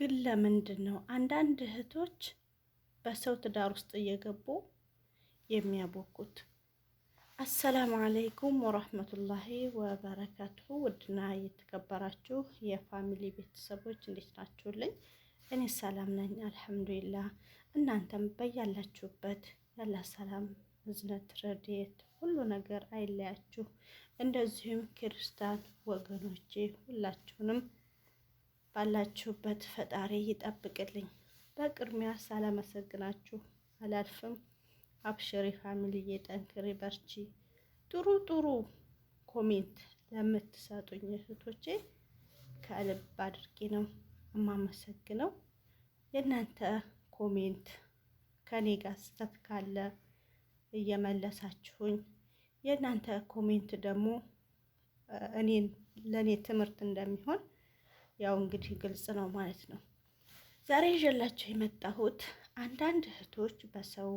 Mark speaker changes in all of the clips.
Speaker 1: ግን ለምንድን ነው አንዳንድ እህቶች በሰው ትዳር ውስጥ እየገቡ የሚያቦኩት? አሰላሙ አለይኩም ወራህመቱላሂ ወበረካቱሁ። ውድና የተከበራችሁ የፋሚሊ ቤተሰቦች እንዴት ናችሁልኝ? እኔ ሰላም ነኝ አልሐምዱሊላ። እናንተም በያላችሁበት ያላ ሰላም፣ እዝነት፣ ረድኤት ሁሉ ነገር አይለያችሁ። እንደዚሁም ክርስቲያን ወገኖቼ ሁላችሁንም ባላችሁበት ፈጣሪ ይጠብቅልኝ። በቅድሚያ ሳላመሰግናችሁ አላልፍም። አብሽሪ ፋሚሊዬ፣ ጠንክሪ፣ በርቺ። ጥሩ ጥሩ ኮሜንት ለምትሰጡኝ እህቶቼ ከልብ አድርጌ ነው የማመሰግነው። የእናንተ ኮሜንት ከኔ ጋር ስህተት ካለ እየመለሳችሁኝ፣ የእናንተ ኮሜንት ደግሞ እኔን ለእኔ ትምህርት እንደሚሆን ያው እንግዲህ ግልጽ ነው ማለት ነው። ዛሬ ይዤላችሁ የመጣሁት አንዳንድ እህቶች በሰው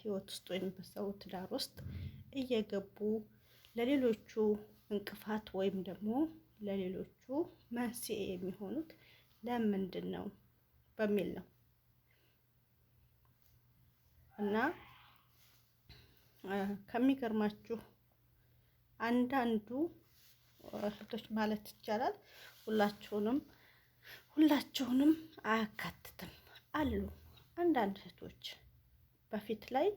Speaker 1: ህይወት ውስጥ ወይም በሰው ትዳር ውስጥ እየገቡ ለሌሎቹ እንቅፋት ወይም ደግሞ ለሌሎቹ መንስኤ የሚሆኑት ለምንድን ነው በሚል ነው እና ከሚገርማችሁ አንዳንዱ እህቶች ማለት ይቻላል። ሁላችሁንም ሁላችሁንም አያካትትም። አሉ አንዳንድ እህቶች በፊት ላይ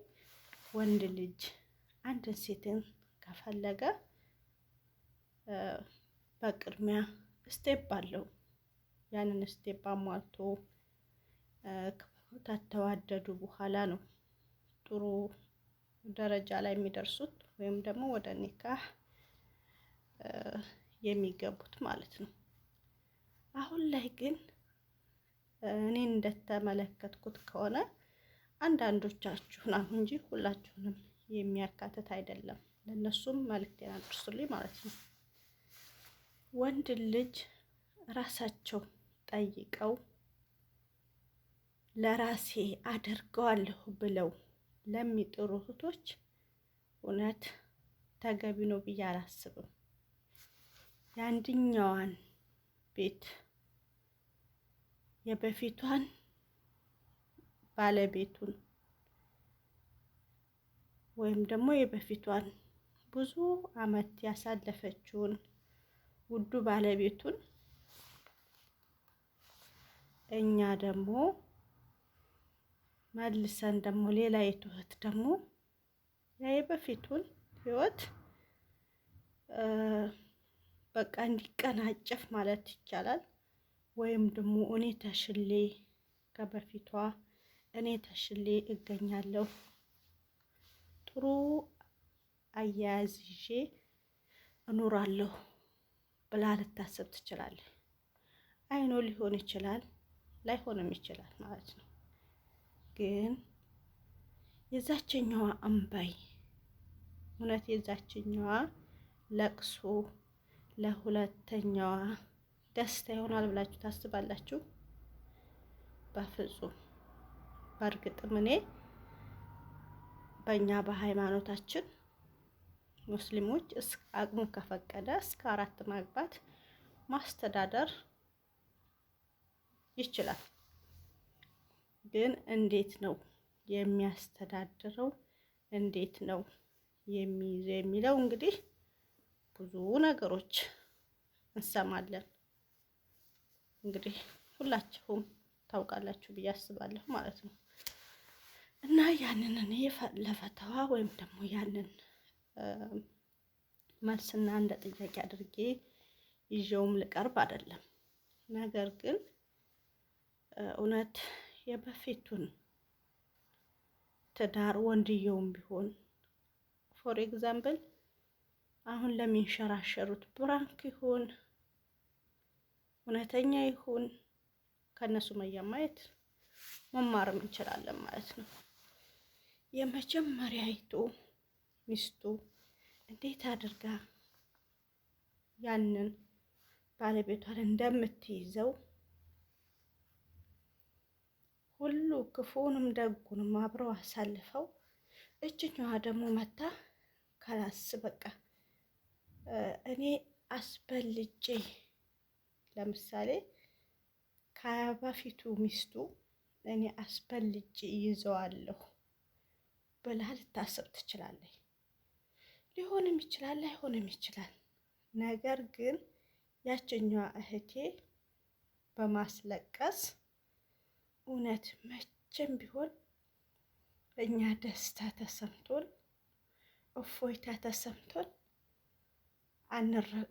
Speaker 1: ወንድ ልጅ አንድን ሴትን ከፈለገ በቅድሚያ ስቴፕ አለው። ያንን ስቴፕ አሟልቶ ከተዋደዱ በኋላ ነው ጥሩ ደረጃ ላይ የሚደርሱት ወይም ደግሞ ወደ ኒካህ የሚገቡት ማለት ነው። አሁን ላይ ግን እኔ እንደተመለከትኩት ከሆነ አንዳንዶቻችሁን አሁን እንጂ ሁላችሁንም የሚያካትት አይደለም። ለእነሱም መልዕክቴን አድርሱልኝ ማለት ነው። ወንድ ልጅ ራሳቸው ጠይቀው ለራሴ አደርገዋለሁ ብለው ለሚጥሩ እህቶች እውነት ተገቢ ነው ብዬ አላስብም። የአንድኛዋን ቤት የበፊቷን ባለቤቱን ወይም ደግሞ የበፊቷን ብዙ ዓመት ያሳለፈችውን ውዱ ባለቤቱን እኛ ደግሞ መልሰን ደግሞ ሌላ የትወት ደግሞ ያ የበፊቱን ህይወት በቃ እንዲቀናጨፍ ማለት ይቻላል። ወይም ደግሞ እኔ ተሽሌ ከበፊቷ እኔ ተሽሌ እገኛለሁ ጥሩ አያያዝ ይዤ እኖራለሁ ብላ ልታስብ ትችላለህ። አይኖ ሊሆን ይችላል ላይሆንም ይችላል ማለት ነው። ግን የዛችኛዋ እምባይ እውነት የዛችኛዋ ለቅሶ ለሁለተኛዋ ደስታ ይሆናል ብላችሁ ታስባላችሁ? በፍጹም። በእርግጥም እኔ በእኛ በሃይማኖታችን ሙስሊሞች አቅሙ ከፈቀደ እስከ አራት ማግባት ማስተዳደር ይችላል። ግን እንዴት ነው የሚያስተዳድረው? እንዴት ነው የሚይዘው የሚለው እንግዲህ ብዙ ነገሮች እንሰማለን። እንግዲህ ሁላችሁም ታውቃላችሁ ብዬ አስባለሁ ማለት ነው እና ያንን እኔ ለፈተዋ ወይም ደግሞ ያንን መልስና እንደ ጥያቄ አድርጌ ይዤውም ልቀርብ አይደለም። ነገር ግን እውነት የበፊቱን ትዳር ወንድየውም ቢሆን ፎር ኤግዛምፕል አሁን ለሚንሸራሸሩት ብራንክ ይሁን እውነተኛ ይሁን ከእነሱ መያ ማየት መማርም እንችላለን ማለት ነው። የመጀመሪያ ይቱ ሚስቱ እንዴት አድርጋ ያንን ባለቤቷን እንደምትይዘው ሁሉ ክፉንም ደጉንም አብረው አሳልፈው እችኛዋ ደግሞ መታ ከላስ በቃ እኔ አስበልጬ ለምሳሌ በፊቱ ሚስቱ እኔ አስበልጬ ይዘዋለሁ ብላ ልታስብ ትችላለች። ሊሆንም ይችላል ላይሆንም ይችላል። ነገር ግን ያችኛዋ እህቴ በማስለቀስ እውነት መቼም ቢሆን እኛ ደስታ ተሰምቶን እፎይታ ተሰምቶን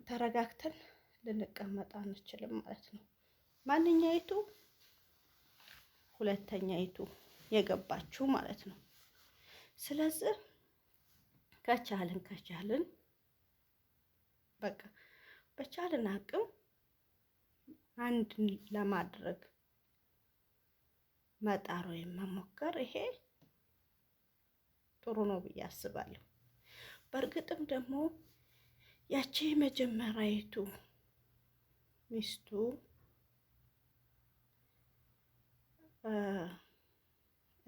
Speaker 1: ተረጋግተን ልንቀመጥ አንችልም ማለት ነው። ማንኛይቱ ሁለተኛይቱ የገባችው ማለት ነው። ስለዚህ ከቻልን ከቻልን በቃ በቻልን አቅም አንድ ለማድረግ መጣር ወይም መሞከር ይሄ ጥሩ ነው ብዬ አስባለሁ። በእርግጥም ደግሞ ያቺ መጀመሪያይቱ ሚስቱ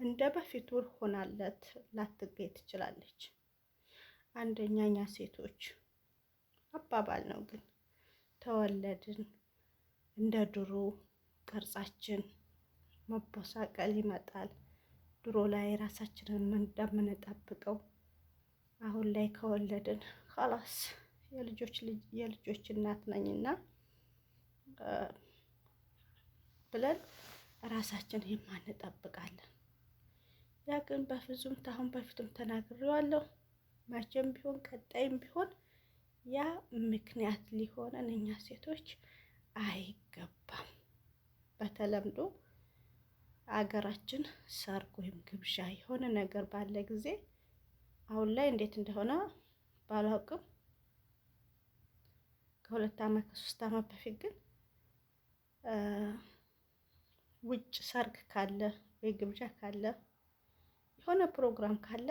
Speaker 1: እንደ በፊቱ ሆናለት ላትገኝ ትችላለች። አንደኛኛ ሴቶች አባባል ነው፣ ግን ተወለድን እንደ ድሮ ቅርጻችን መቦሳቀል ይመጣል። ድሮ ላይ ራሳችንን እንደምንጠብቀው አሁን ላይ ከወለድን ኸላስ የልጆች የልጆች እናት ነኝና ብለን ራሳችን የማንጠብቃለን። ያ ግን በፍጹም ታሁን በፊቱም ተናግሬዋለሁ። መቼም ቢሆን ቀጣይም ቢሆን ያ ምክንያት ሊሆነን እኛ ሴቶች አይገባም። በተለምዶ አገራችን ሰርግ ወይም ግብዣ የሆነ ነገር ባለ ጊዜ አሁን ላይ እንዴት እንደሆነ ባላውቅም ከሁለት ዓመት ከሶስት አመት በፊት ግን ውጭ ሰርግ ካለ ወይ ግብዣ ካለ የሆነ ፕሮግራም ካለ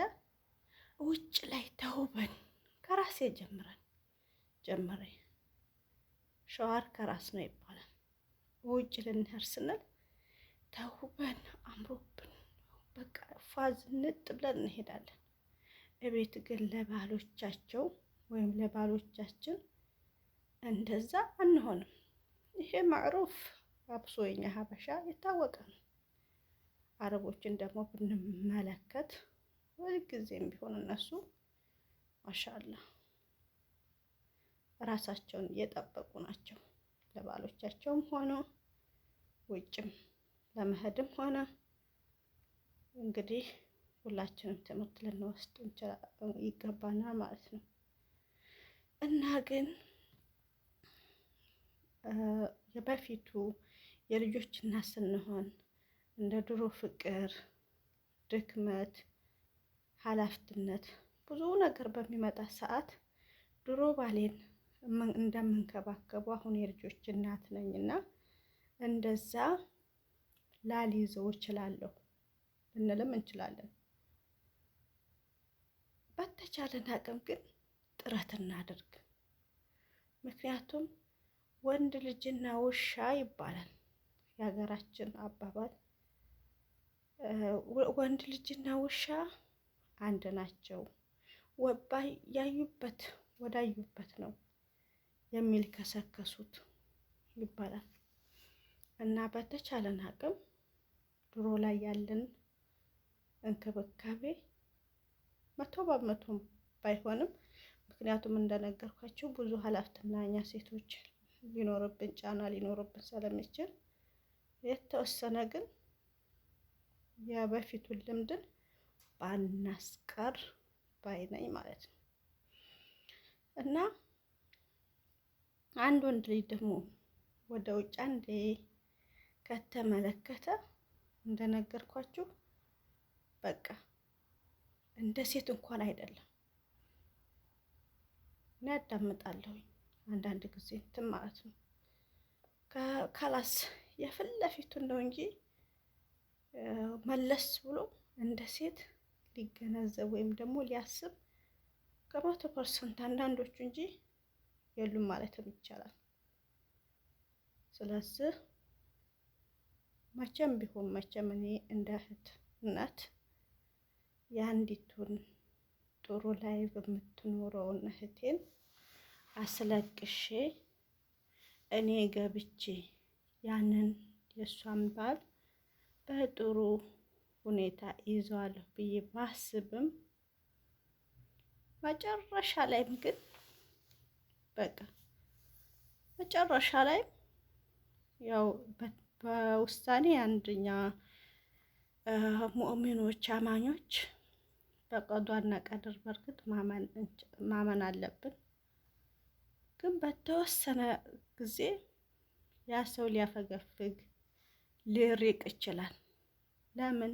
Speaker 1: ውጭ ላይ ተውበን ከራሴ ጀምረን ጀምሬ ሸዋር ከራስ ነው ይባላል። ውጭ ልንሄድ ስንል ተውበን አምሮብን በቃ ፋዝ ንጥ ብለን እንሄዳለን። እቤት ግን ለባሎቻቸው ወይም ለባሎቻችን እንደዛ አንሆንም። ይሄ ማዕሩፍ አብሶ የኛ ሀበሻ የታወቀ ነው። አረቦችን ደግሞ ብንመለከት ሁልጊዜም ቢሆን እነሱ ማሻላ ራሳቸውን እየጠበቁ ናቸው። ለባሎቻቸውም ሆነ ውጭም ለመሄድም ሆነ እንግዲህ ሁላችንም ትምህርት ልንወስድ ይገባናል ማለት ነው እና ግን የበፊቱ የልጆች እናት ስንሆን እንደ ድሮ ፍቅር፣ ድክመት፣ ኃላፊነት ብዙ ነገር በሚመጣ ሰዓት ድሮ ባሌን እንደምንከባከቡ አሁን የልጆች እናት ነኝና እንደዛ ላልይዘው እችላለሁ ልንልም እንችላለን። በተቻለን አቅም ግን ጥረት እናድርግ። ምክንያቱም ወንድ ልጅና ውሻ ይባላል የሀገራችን አባባል። ወንድ ልጅና ውሻ አንድ ናቸው፣ ወባይ ያዩበት ወዳዩበት ነው የሚል ከሰከሱት ይባላል እና በተቻለን አቅም ድሮ ላይ ያለን እንክብካቤ መቶ በመቶ ባይሆንም ምክንያቱም እንደነገርኳቸው ብዙ ኃላፊነትና እኛ ሴቶች ሊኖርብን ጫና ሊኖርብን ስለሚችል የተወሰነ ግን የበፊቱን ልምድን ባናስቀር ባይነኝ ማለት ነው እና አንድ ወንድ ልጅ ደግሞ ወደ ውጭ አንዴ ከተመለከተ እንደነገርኳችሁ በቃ እንደ ሴት እንኳን አይደለም እና አንዳንድ ጊዜ እንትን ማለት ነው ከላስ የፊት ለፊቱ እንደው እንጂ መለስ ብሎ እንደ ሴት ሊገነዘብ ወይም ደግሞ ሊያስብ ከመቶ ፐርሰንት አንዳንዶቹ እንጂ የሉም ማለትም ይቻላል። ስለዚህ መቼም ቢሆን መቼም እኔ እንደ እህት እናት የአንዲቱን ጥሩ ላይ በምትኖረውን እህቴን አስለቅሼ እኔ ገብቼ ያንን የእሷን ባል በጥሩ ሁኔታ ይዘዋለሁ ብዬ ባስብም መጨረሻ ላይም ግን በቃ መጨረሻ ላይም ያው በውሳኔ አንደኛ ሙእሚኖች አማኞች በቀዷና ቀድር በርግጥ ማመን አለብን። ግን በተወሰነ ጊዜ ያ ሰው ሊያፈገፍግ ሊርቅ ይችላል። ለምን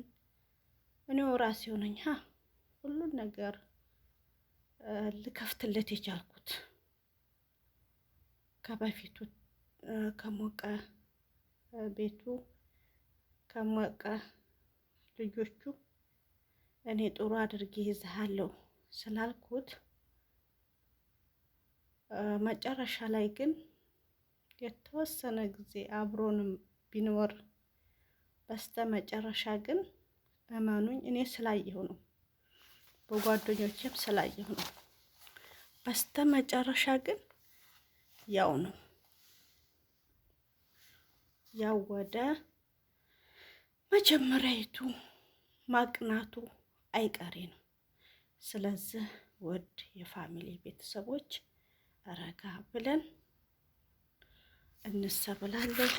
Speaker 1: እኔው ራሴ ሆነኝ ሀ ሁሉን ነገር ልከፍትለት የቻልኩት ከበፊቱ ከሞቀ ቤቱ ከሞቀ ልጆቹ እኔ ጥሩ አድርጌ ይዝሃለሁ ስላልኩት መጨረሻ ላይ ግን የተወሰነ ጊዜ አብሮንም ቢኖር በስተ መጨረሻ ግን እመኑኝ እኔ ስላየሁ ነው፣ በጓደኞቼም ስላየሁ ነው። በስተ መጨረሻ ግን ያው ነው ያው ወደ መጀመሪያይቱ ማቅናቱ አይቀሬ ነው። ስለዚህ ውድ የፋሚሊ ቤተሰቦች ረጋ ብለን እንሰብላለን።